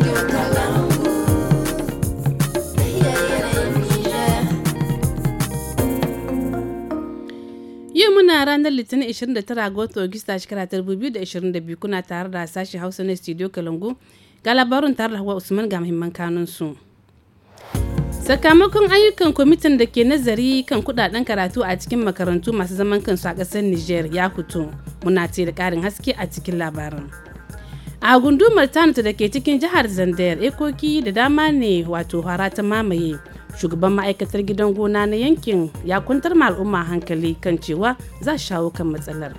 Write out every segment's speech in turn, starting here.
Yau ranar Litinin 29 ga watan Agusta shekara 2022 kuna tare da sashi Hausa na Studio Kalangu ga labarin tare da Hawa Usman ga muhimman kanunsu. Sakamakon ayyukan kwamitin da ke nazari kan kudaden karatu a cikin makarantu masu zaman kansu a ƙasar niger ya fito. Muna ce da karin haske a cikin labarin. a gundumar tanata da ke cikin jihar zandayar ekoki da dama ne wato hara ta mamaye shugaban ma'aikatar gidan gona na yankin ya kuntar ma al'umma hankali kan cewa za shawo kan matsalar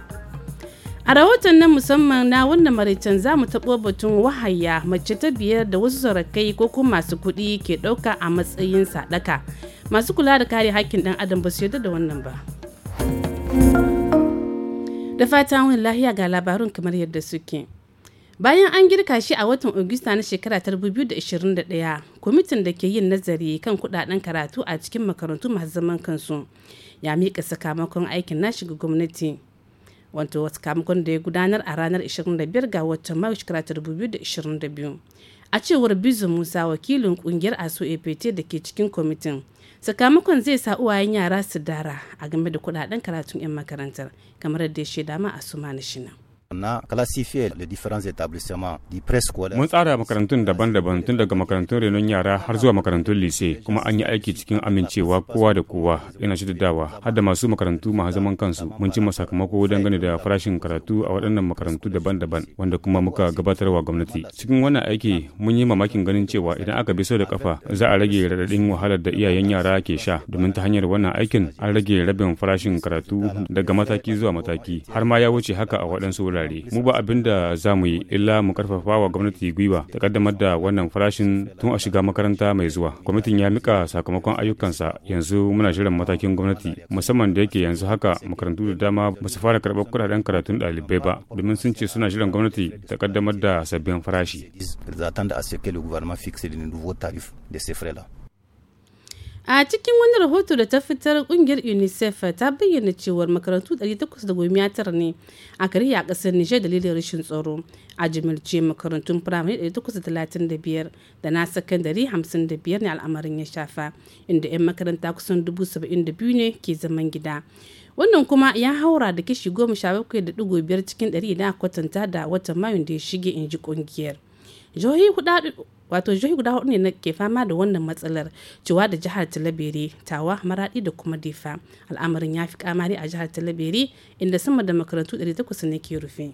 a rahoton nan musamman na wannan maraicen za mu taɓo batun wahaya mace ta biyar da wasu sarakai ko kuma masu kuɗi ke ɗauka a matsayin sadaka masu kula da kare hakkin ɗan adam ba su yarda da wannan ba da fata wani lahiya ga labarun kamar yadda suke. bayan an girka shi a watan augusta na shekara 2021 kwamitin da ke yin nazari kan kudaden karatu a cikin makarantu masu zaman kansu ya mika sakamakon aikin na shiga gwamnati wato sakamakon da ya gudanar a ranar 25 ga watan mayu shekara 2022 a cewar bizu musa wakilin kungiyar aso apt da ke cikin kwamitin sakamakon zai sa uwayen yara su dara a game da kudaden karatun 'yan makarantar kamar da ya shaida ma a suma na shinan na classifier les différents établissements du préscolaire. Mun tsara makarantun daban-daban tun daga makarantun renon yara har zuwa makarantun lise kuma an yi aiki cikin amincewa kowa da kowa yana shiddawa har da masu makarantu masu zaman kansu mun ci masa sakamako dangane da farashin karatu a waɗannan makarantu daban-daban wanda kuma muka wa gwamnati. Cikin wannan aiki mun yi mamakin ganin cewa idan aka bi sau da kafa za a rage raɗaɗin wahalar da iyayen yara ke sha domin ta hanyar wannan aikin an rage rabin farashin karatu daga mataki zuwa mataki har ma ya wuce haka a waɗansu wurare. wurare mu ba abin da za mu yi illa mu karfafa wa gwamnati gwiwa ta kaddamar da wannan farashin tun a shiga makaranta mai zuwa kwamitin ya mika sakamakon ayyukansa yanzu muna shirin matakin gwamnati musamman da yake yanzu haka makarantu da dama ba su fara karɓar kuɗaɗen karatun ɗalibai ba domin sun ce suna shirin gwamnati ta kaddamar da sabbin farashi. a cikin wani rahoto da ta fitar kungiyar unicef ta bayyana cewar makarantu 819 ne a kariya a kasar nijar dalilin rashin tsaro a jimirce makarantun firamare 835 da na sakandare 55 ne al'amarin ya shafa inda 'yan makaranta kusan 72 ne ke zaman gida wannan kuma ya haura da kashi 17.5 cikin 100 idan kwatanta da watan mayun da ya shige in ji kungiyar jihohi wato jihohi guda hudu ne ke fama da wannan matsalar cewa da jihar talabere tawa maradi da kuma difa al'amarin ya fi kamari a jihar talabere inda sama da makarantu 800 ne ke rufe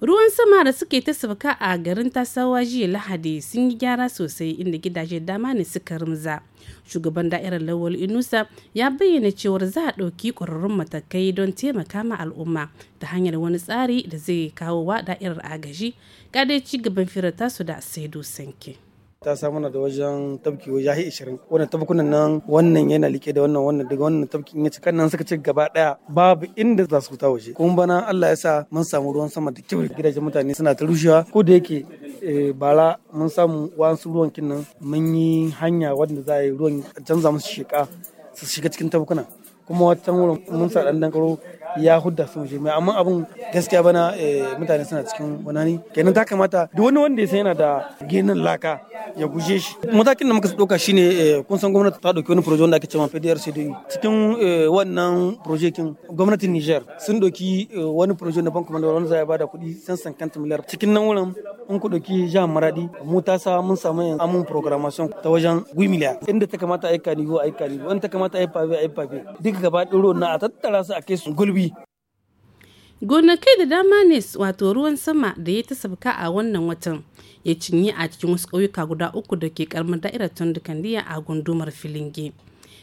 ruwan sama da suke ta sauka a garin tasawa jiya lahadi sun yi gyara sosai inda gidaje dama ne suka rumza shugaban da'irar lawal inusa ya bayyana cewar za a ɗauki ƙwararrun matakai don taimaka ma al'umma ta hanyar wani tsari da zai kawo wa da'irar agaji ƙadai ci gaban firar tasu da saidu sanke. ta samu da wajen tabki wajen ishirin wannan tabkunan nan wannan yana like da wannan wannan daga wannan tabkin ya ci nan suka ci gaba daya babu inda za su ta waje kuma bana Allah ya sa mun samu ruwan sama da kyau gidajen mutane suna ta rushewa ko da yake eh, bara mun samu wasu ruwan nan mun yi hanya wanda za a yi ruwan canza musu sheka su shiga cikin tabkuna kuma wata wurin mun sa dan dan karo ya hudda su waje mai amma abun gaskiya bana eh, mutane suna cikin wani kenan ta kamata duk wani wanda ya san yana da ginin laka ya guje shi matakin da muka ɗauka shine eh, kun san gwamnati ta ɗauki wani proje wanda ake cewa cdu e. cikin eh, wannan kin. gwamnatin Niger sun ɗauki eh, wani proje na banku wanda za a bada kuɗi san kanta miliyar cikin nan wurin in ku ɗauki jihar Maradi mu ta sa mun samu yanzu amun programmation ta wajen gwi miliyar inda ta kamata a yi kanibu a yi kanibu in ta kamata a yi fafe a yi fafe duka gaba ɗin na a tattara su a kai su gulbi gonakai da dama ne wato ruwan sama da ya ta sabka a wannan watan ya cinye a cikin wasu ƙauyuka guda uku da ke karamar da'irar tundukandiya a gundumar filinge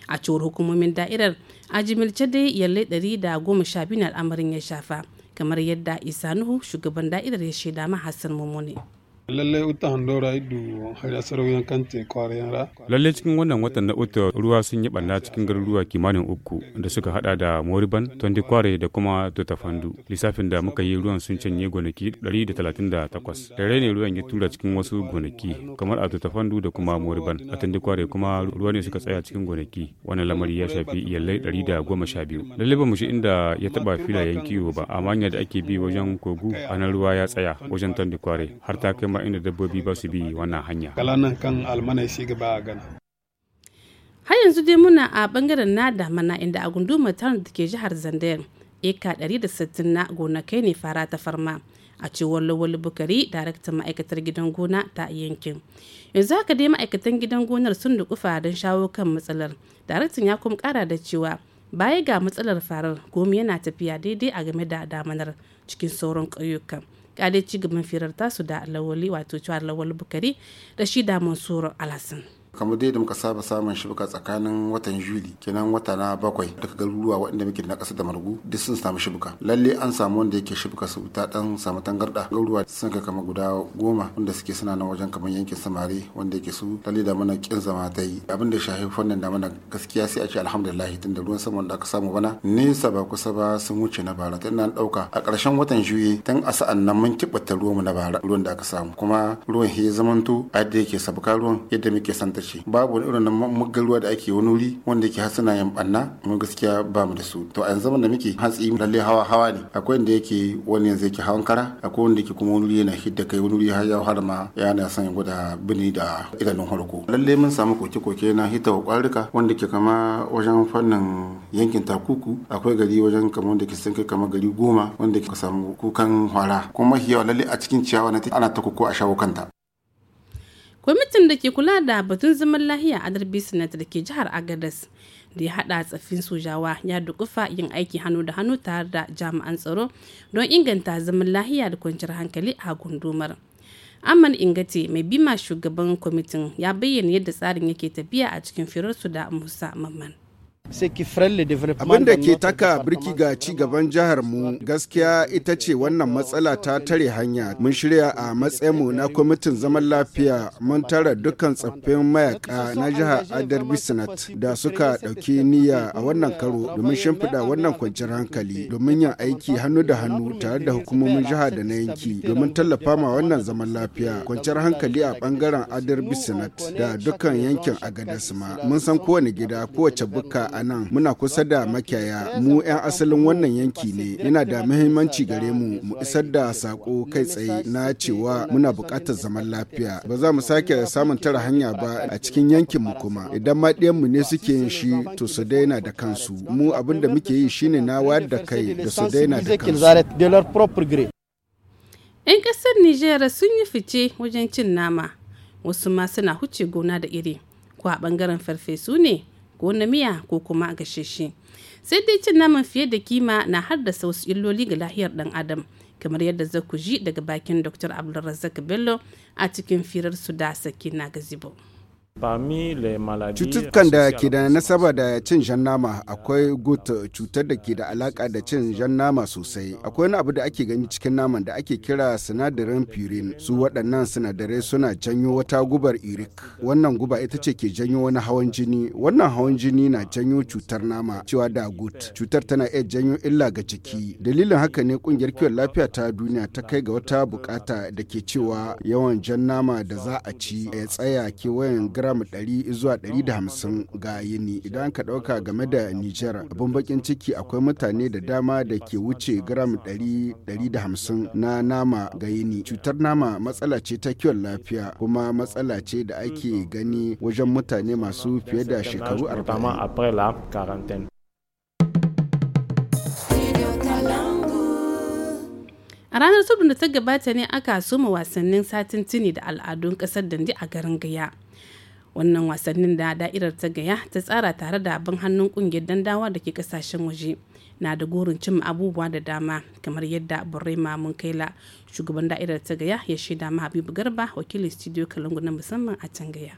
a cewar hukumomin da'irar a jimilce dai yalle ɗari da goma sha biyu na al'amarin ya shafa kamar yadda isa nuhu shugaban da'irar ya shaida ma hassan mummuni. Lallai uta handora idu har sarauyan kante kwarayen ra. Lallai cikin wannan watan na uta ruwa sun yi ɓanna cikin garuruwa kimanin uku da suka hada da Moriban, Tondi Kware da kuma Totafandu. Lissafin da muka yi ruwan sun canye gonaki 138. dare ne ruwan ya tura cikin wasu gonaki kamar a Totafandu da kuma Moriban. A Tondi Kware kuma ruwa ne suka tsaya cikin gonaki. Wannan lamari ya shafi iyalai 112. Lallai ba mu shi inda ya taba filayen kiwo ba amma hanyar da ake bi wajen kogu a ruwa ya tsaya wajen Tondi Kware har ta kai kuma inda dabbobi ba su bi wannan hanya kalanan kan almana shi gaba gana har yanzu dai muna a bangaren na damana inda a gundumar tarin da ke jihar zandayar eka 160 na gonakai ne fara ta farma a cewar lawali bukari daraktan ma'aikatar gidan gona ta yankin yanzu haka dai ma'aikatan gidan gonar sun kufa don shawo kan matsalar daraktan ya kuma kara da cewa baya ga matsalar farar gomi yana tafiya daidai a game da damanar cikin sauran ƙauyukan ga ci gaban firar tasu da lawali wato cewa lawali bukari da shi da mansur alhassan kamar dai da muka saba samun shibuka tsakanin watan juli kenan wata na bakwai daga garuruwa waɗanda muke na ƙasa da margu duk sun samu shibuka lalle an samu wanda yake shibuka su ta dan samu tangarda garuruwa sun kai kama guda goma wanda suke suna na wajen kamar yankin samari wanda yake su lalle da mana kin zama ta yi abin da shahi fannin da mana gaskiya sai a ce alhamdulillah da ruwan sama da aka samu bana nesa ba kusa ba sun wuce na bara tun nan ɗauka a ƙarshen watan juli tun a sa'an nan mun kiɓata ruwanmu na bara ruwan da aka samu kuma ruwan ya zamanto a yadda yake sabuka ruwan yadda muke santa shi babu wani irin muggan ruwa da ake wani wuri wanda yake hasana yan banna mu gaskiya ba mu da su to a yanzu da muke hatsi lalle hawa hawa ne akwai wanda yake wani yanzu yake hawan kara akwai wanda yake kuma wani wuri yana hidda kai wani wuri har ya har ma yana son ya gwada bini da idanun harko lalle mun samu koke koke na hita wa kwarika wanda ke kama wajen fannin yankin takuku akwai gari wajen kamar wanda ke sun kai kamar gari goma wanda ke samu kukan hwara kuma yawa lalle a cikin ciyawa na ana ta kuku a shawo kanta kwamitin da ke kula da batun zaman lahiya a darbi da ke jihar agadas da ya hada tsaffin sojawa ya dukufa yin aiki hannu da hannu tare da jami'an tsaro don inganta zaman lahiya da kwanciyar hankali a gundumar amman ingate mai bima shugaban kwamitin ya bayyana yadda tsarin yake tafiya a cikin firarsu da musa mamman Abin da ke taka birki ga ci gaban jihar mu gaskiya ita ce wannan matsala ta tare hanya. Mun shirya a matsayinmu na kwamitin zaman lafiya mun tara dukkan tsaffin mayaka na jihar Adar Bisnat da suka ɗauki niyya a wannan karo domin shimfiɗa wannan kwanciyar hankali domin yin aiki hannu da hannu tare da hukumomin jihar da na yanki domin tallafa ma wannan zaman lafiya kwanciyar hankali a bangaren Adar Bisnat da dukkan yankin Agadasma. Mun san kowane gida kowace buka a nan muna kusa da makiyaya mu 'yan asalin wannan yanki ne yana da muhimmanci gare mu mu isar da sako kai tsaye na cewa muna bukatar zaman lafiya ba za mu sake samun tara hanya ba a cikin yankin mu kuma idan ma mu ne suke yin shi to su daina da kansu mu abin da muke yi shine na wayar da kai da su daina da kansu 'yan kasar nijar sun yi fice wajen cin nama wasu ma suna huce gona da iri ko a ɓangaren farfesu ne ko na miya ko kuma gasheshe sai dai cin naman fiye da kima na haddasa wasu illoli ga lahiyar dan adam kamar yadda za ku ji daga bakin dr abdulrazak bello a cikin firar su da sakina gazibo. Cututtukan da ke da nasaba da cin jan nama akwai gut cutar da ke da alaka da cin jan nama sosai. Akwai wani abu da ake gani cikin naman da ake kira sinadarin purine Su waɗannan sinadarai suna janyo wata gubar irik, Wannan guba ita ce ke janyo wani hawan jini. Wannan hawan jini na janyo cutar nama cewa da gut. Cutar tana iya janyo illa ga jiki. Dalilin haka ne kungiyar kiwon lafiya ta duniya ta kai ga wata bukata da ke cewa yawan jan nama da za a ci ya tsaya kewayen gram gram 100 zuwa 150 ga yini idan ka dauka game da Nijar. Abin bakin ciki akwai mutane da dama da ke wuce gram 100-150 na nama ga yini. Cutar nama matsala ce ta kiwon lafiya kuma matsala ce da ake gani wajen mutane masu fiye da shekaru 40. A ranar da ta gabata ne aka soma wasannin satin tuni da al'adun kasar Dandi a garin Gaya. wannan wasannin da da'irar ta gaya ta tsara tare da abin hannun kungiyar dandawa da ke kasashen waje na da gurin cimma abubuwa da dama kamar yadda mamun la, shugaban da'irar ta gaya ya shaida ma habibu garba wakilin studio kalangu na musamman a can gaya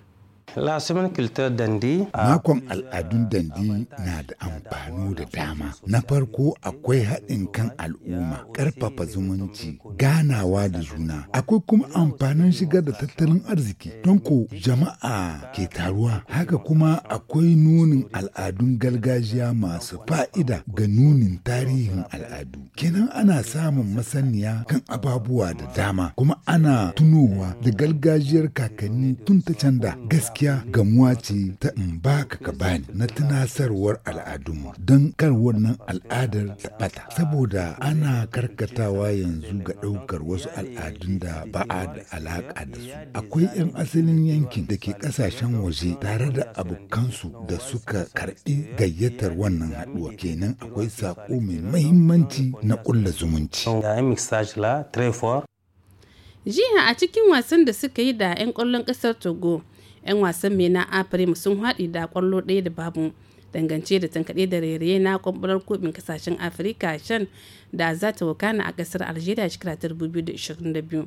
Ah. Makon al'adun dandi na da amfani da dama. Na farko akwai haɗin kan al'umma, ƙarfafa zumunci, ganawa da juna. Akwai kuma amfanin shigar da tattalin arziki. Don ko jama'a ke taruwa. Haka kuma akwai nunin al'adun gargajiya masu fa'ida ga nunin tarihin al'adu. Kenan ana samun masaniya kan ababuwa da dama, kuma ana tunowa da gargajiyar kakanni tun ta canda gaske. gaskiya ga ce ta in baka ka bani na tunasarwar al'adunmu don kar wannan al'adar ta bata saboda ana karkatawa yanzu ga ɗaukar wasu al'adun da ba a da alaƙa da su akwai 'yan asalin yankin da ke ƙasashen waje tare da abokansu da suka karɓi gayyatar wannan haɗuwa kenan akwai sako mai mahimmanci na kulla zumunci jiha a cikin wasan da suka yi da 'yan kwallon ƙasar togo 'yan wasan mai na afirim sun haɗi da kwallo ɗaya da babu dangance da tankaɗe da rairaye na kwamfular kofin kasashen afirka shan da za ta wakana a ƙasar algeria shekara 2022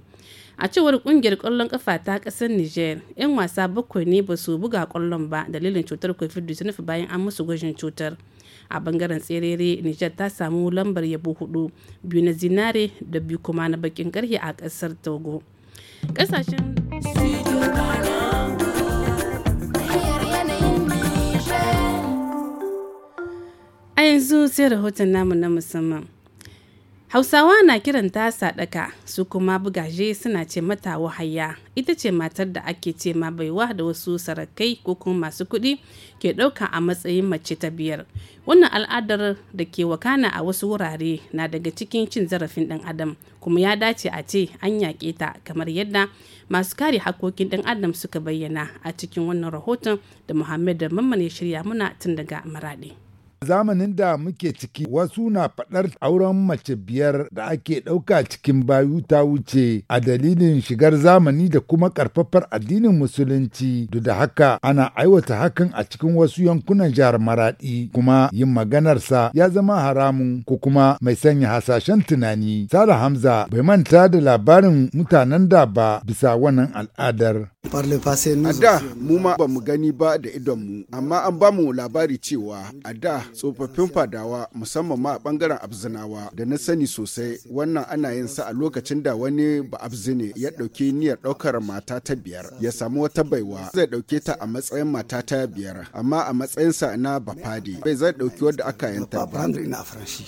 a cewar ƙungiyar ƙwallon ƙafa ta ƙasar niger 'yan wasa bakwai ne ba su buga ƙwallon ba dalilin cutar covid-19 bayan an musu gwajin cutar a bangaren tserere niger ta samu lambar yabo hudu biyu na zinare da biyu kuma na bakin karhe a ƙasar togo ƙasashen yanzu sai rahoton namu na musamman. Hausawa na kiran ta sadaka su kuma bugaje suna ce mata wahaya ita ce matar da ake ce ma baiwa da wasu sarakai ko kuma masu kuɗi ke ɗauka a matsayin mace ta biyar. Wannan al'adar da ke wakana a wasu wurare na daga cikin cin zarafin ɗan adam kuma ya dace a ce an yaƙe ta kamar yadda masu kare hakokin ɗan adam suka bayyana a cikin wannan rahoton da muhammed da Mamman ya shirya muna tun daga maraɗi. Zamanin da muke ciki wasu na faɗar auren mace biyar da ake ɗauka cikin bayu ta wuce a dalilin shigar zamani da kuma ƙarfafar addinin musulunci duk da haka ana aiwata hakan a cikin wasu yankunan jihar Maraɗi kuma yin maganarsa ya zama haramun ko kuma mai sanya hasashen tunani. Sara Hamza bai manta da labarin mutanen da ba bisa wannan al'adar. A da mu ma ba mu gani ba da idonmu, amma an ba mu labari cewa a da tsofaffin fadawa musamman ma a bangaren abzinawa da na sani sosai wannan ana yin sa a lokacin da wani ba abzine ya ɗauki niyyar daukar mata ta biyar ya samu wata baiwa zai dauke ta a matsayin mata ta biyar amma a matsayinsa na bafadi bai zai dauki wadda aka yanta ba.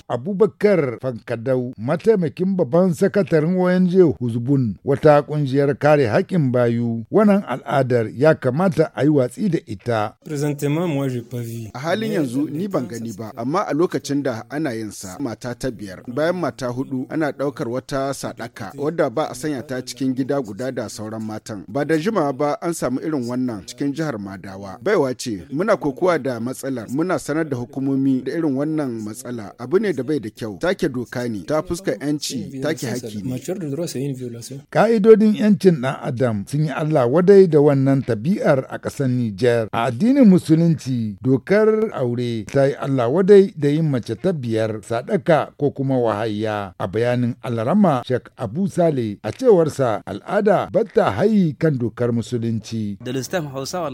Abubakar Fankadau mataimakin babban sakataren ONG Huzbun wata kungiyar kare haƙƙin bayu wannan al'adar ya kamata a yi watsi da ita. A halin yanzu ni ban gani ba, amma a lokacin da ana yin sa mata ta biyar. Bayan mata hudu ana ɗaukar wata sadaka wadda ba a sanya ta cikin gida guda da sauran matan. Ba da jimawa ba an samu irin wannan cikin jihar Madawa. Baiwa ce muna kokuwa da matsalar muna sanar da hukumomi da irin wannan matsala abu ne da bai da kyau. Take doka ne ta fuska 'yanci take haƙi ne. Ka'idodin 'yancin ɗan Adam sun yi Allah wadai da wannan tabi'ar a ƙasar Nijar. A addinin Musulunci dokar aure ta yi Allah wadai da yin mace ta biyar sadaka ko kuma wahayya a bayanin Alrama Sheikh Abu Sale a cewarsa al'ada batta hayi kan dokar Musulunci. Da Hausa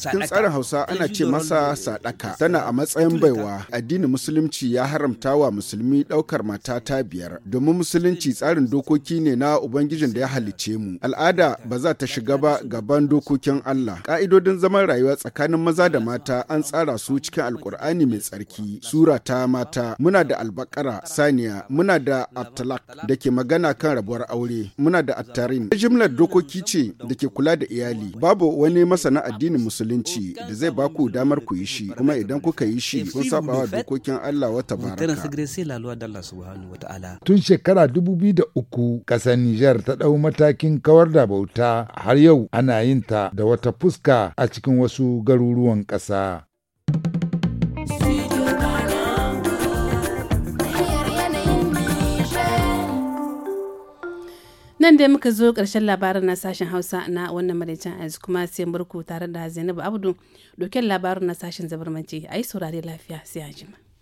Cikin tsarin Hausa ana ce masa sadaka tana a matsayin baiwa addinin Musulunci ya haramta wa musulmi ɗaukar mata ta biyar domin Musulunci tsarin dokoki ne na Ubangijin da ya halicce mu. Al'ada ba za ta shiga ba gaban dokokin Allah. Ka'idodin zaman rayuwa tsakanin maza da mata an tsara su cikin Alkur'ani mai tsarki, sura ta mata, muna da albakara, saniya, muna da atalak da ke magana kan rabuwar aure, muna da Ta Jimlar dokoki ce da ke kula da iyali. Babu wani masana addinin musulunci da zai ba ku damar ku yi shi, kuma idan kuka yi shi kun sabawa wa dokokin Allah wata baraka. Tun shekara 2003 ƙasar Nijar ta ɗau matakin kawar da bauta har yau yau ana yin ta da wata fuska a cikin wasu garuruwan ƙasa. nan dai muka zo ƙarshen labarin na sashen hausa na wannan maraicin azu kuma sai murku tare da zainabu abdu doken labarin na sashen zabarmanci a yi saurare lafiya sai a jima.